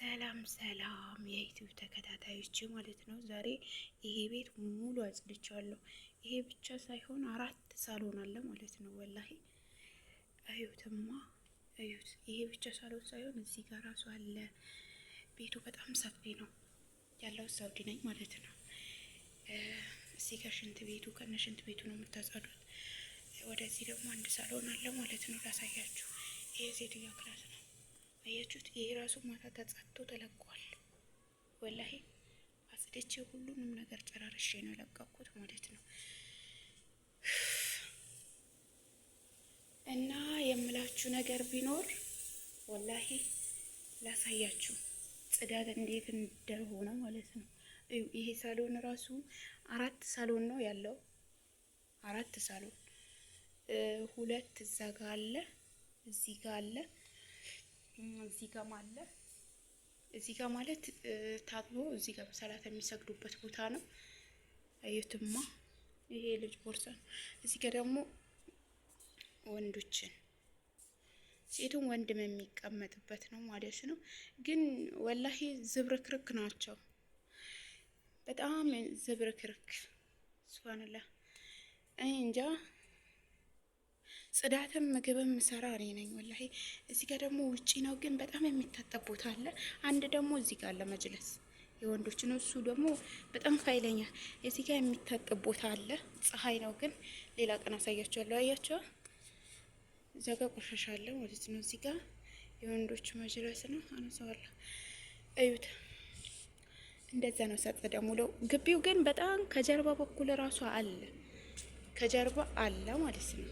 ሰላም ሰላም የዩቲዩብ ተከታታዮች ማለት ነው። ዛሬ ይሄ ቤት ሙሉ አጽድቻለሁ። ይሄ ብቻ ሳይሆን አራት ሳሎን አለ ማለት ነው። ወላሂ እዩትማ እዩት። ይሄ ብቻ ሳሎን ሳይሆን እዚህ ጋር ራሱ አለ። ቤቱ በጣም ሰፊ ነው። ያለው ሳውዲ ነኝ ማለት ነው። እዚህ ጋር ሽንት ቤቱ ከነ ሽንት ቤቱ ነው የምታጸዱት። ወደዚህ ደግሞ አንድ ሳሎን አለ ማለት ነው። ላሳያችሁ። ይሄ ሴትዮዋ ክላስ ነው። አያችሁት? ይሄ ራሱ ማታ ተጸድቶ ተለቋል። ወላሂ አጽድቼ ሁሉንም ነገር ጨራርሼ ነው የለቀኩት ማለት ነው። እና የምላችሁ ነገር ቢኖር ወላሂ ላሳያችሁ ጽዳት እንዴት እንደሆነ ማለት ነው። ይሄ ሳሎን ራሱ አራት ሳሎን ነው ያለው። አራት ሳሎን ሁለት እዛ ጋ አለ፣ እዚህ ጋ አለ እዚህ ጋር ማለ እዚህ ጋር ማለት ታጥቦ እዚህ ጋር በሰላት የሚሰግዱበት ቦታ ነው። አዩትማ ይሄ ልጅ ቦርሳ ነው። እዚህ ጋር ደግሞ ወንዶችን ሴቱን ወንድም የሚቀመጥበት ነው ማለት ነው። ግን ወላሂ ዝብርክርክ ናቸው፣ በጣም ዝብርክርክ ስብሃንላህ እኔ እንጃ። ጽዳትም ምግብም ሰራ እኔ ነኝ ወላሂ። እዚህ ጋር ደግሞ ውጪ ነው ግን በጣም የሚታጠብ ቦታ አለ። አንድ ደግሞ እዚህ ጋር ለመጅለስ የወንዶች ነው። እሱ ደግሞ በጣም ኃይለኛ እዚህ ጋር የሚታጠብ ቦታ አለ። ፀሐይ ነው ግን ሌላ ቀን አሳያቸዋለሁ። አያቸው እዛ ጋር ቆሻሻ አለ ማለት ነው። እዚህ ጋር የወንዶች መጅለስ ነው። አነሳዋለሁ እዩት። እንደዛ ነው ሳጸዳ ሙለው። ግቢው ግን በጣም ከጀርባ በኩል ራሱ አለ ከጀርባ አለ ማለት ነው።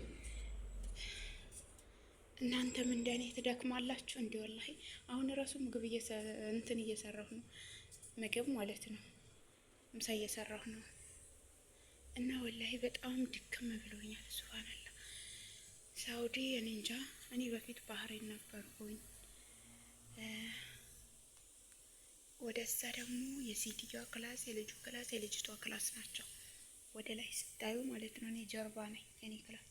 እናንተም እንደኔ ትደክማላችሁ። እንዲ ወላሂ አሁን ራሱ ምግብ እንትን እየሰራሁ ነው፣ ምግብ ማለት ነው፣ ምሳ እየሰራሁ ነው። እና ወላሂ በጣም ድክም ብሎኛል። ሱብሃንአላህ ሳውዲ እኔ እንጃ። እኔ በፊት ባህሬን ነበርኩኝ። ወደዛ ደግሞ የሴትዮዋ ክላስ፣ የልጁ ክላስ፣ የልጅቷ ክላስ ናቸው። ወደ ላይ ስታዩ ማለት ነው። እኔ ጀርባ ነኝ፣ እኔ ክላስ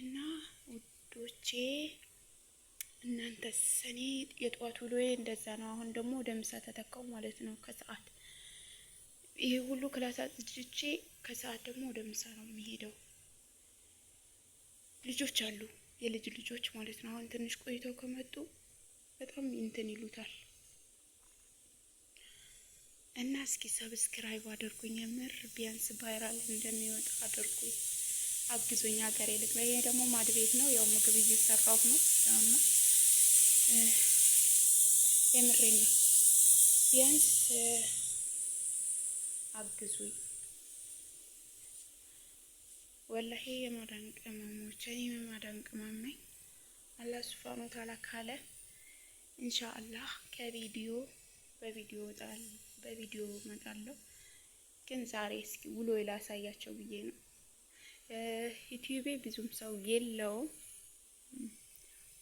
እና ውዶቼ እናንተ ሰኔ የጠዋት ውሎዬ እንደዛ ነው። አሁን ደግሞ ወደ ምሳ ተተካው ማለት ነው። ከሰዓት ይሄ ሁሉ ክላስ አጽድቼ ከሰዓት ደግሞ ወደ ምሳ ነው የሚሄደው። ልጆች አሉ የልጅ ልጆች ማለት ነው። አሁን ትንሽ ቆይተው ከመጡ በጣም እንትን ይሉታል እና እስኪ ሰብስክራይብ አድርጉኝ። የምር ቢያንስ ቫይራል እንደሚወጣ አድርጉኝ። አግዙኝ ሀገሬ ልግባ። ይሄ ደግሞ ማድቤት ነው፣ ያው ምግብ እየሰራሁ ነው። ያውና የምሬን ነው። ቢያንስ አግዙኝ ወላሂ የማዳን ቅመሞች እኔ የማዳን ቅመም ነኝ። አላህ ሱብሃነ ወተዓላ ካለ ኢንሻአላህ ከቪዲዮ በቪዲዮ እወጣለሁ፣ በቪዲዮ እመጣለሁ። ግን ዛሬ እስኪ ውሎ ላሳያቸው ብዬ ነው። ዩቲዩቤ ብዙም ሰው የለውም፣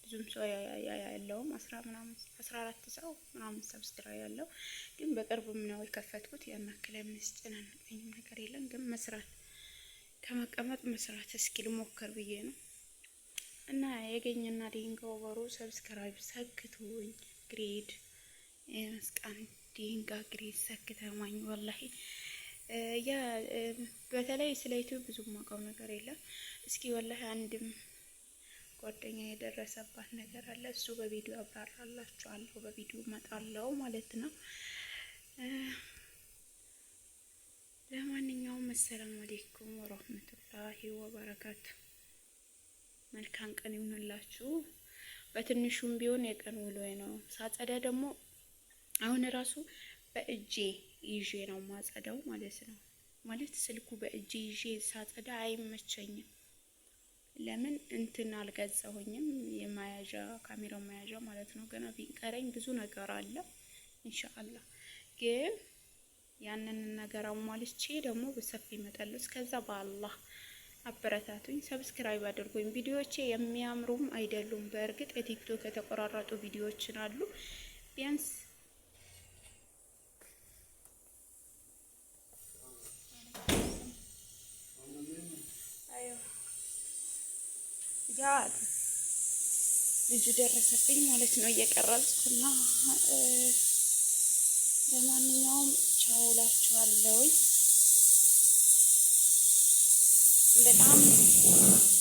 ብዙም ሰው ያለውም አስራ ምናምን አስራ አራት ሰው ምናምን ሰብስክራይብ ያለው ግን በቅርቡ ነው የከፈትኩት። ያን ያክል የሚያስጨናንቀኝም ነገር የለም። ግን መስራት ከመቀመጥ መስራት እስኪ ልሞክር ብዬ ነው እና የገኝና ዲንጋ ወበሩ ሰብስክራይብ ሰክቱኝ ግሬድ የመስቃን ዲንጋ ግሬድ ሰክተማኝ ወላሂ ያ በተለይ ስለ ዩቲዩብ ብዙ ማውቀው ነገር የለም። እስኪ ወላሂ አንድም ጓደኛ የደረሰባት ነገር አለ። እሱ በቪዲዮ አብራራላችኋለሁ፣ በቪዲዮ እመጣለሁ ማለት ነው። ለማንኛውም አሰላሙ አሌይኩም ወረህመቱላሂ ወበረካቱ። መልካም ቀን ይሁንላችሁ። በትንሹም ቢሆን የቀን ውሎዬ ነው። ሳጸዳ ደግሞ አሁን ራሱ በእጄ ይዤ ነው ማጸዳው ማለት ነው። ማለት ስልኩ በእጄ ይዤ ሳጸዳ አይመቸኝም። ለምን እንትን አልገዛሁኝም፣ የመያዣ ካሜራው መያዣ ማለት ነው። ገና ቢቀረኝ ብዙ ነገር አለ እንሻአላ ግን ያንን ነገር አሟልቼ ደግሞ በሰፊ እመጣለሁ። እስከዛ በአላህ አበረታቱኝ፣ ሰብስክራይብ አድርጉኝ። ቪዲዮዎቼ የሚያምሩም አይደሉም። በእርግጥ የቲክቶክ የተቆራረጡ ቪዲዮዎችን አሉ ቢያንስ ያ ልጁ ደረሰብኝ ማለት ነው እየቀረጽኩና ለማንኛውም ቻው እላችኋለሁኝ በጣም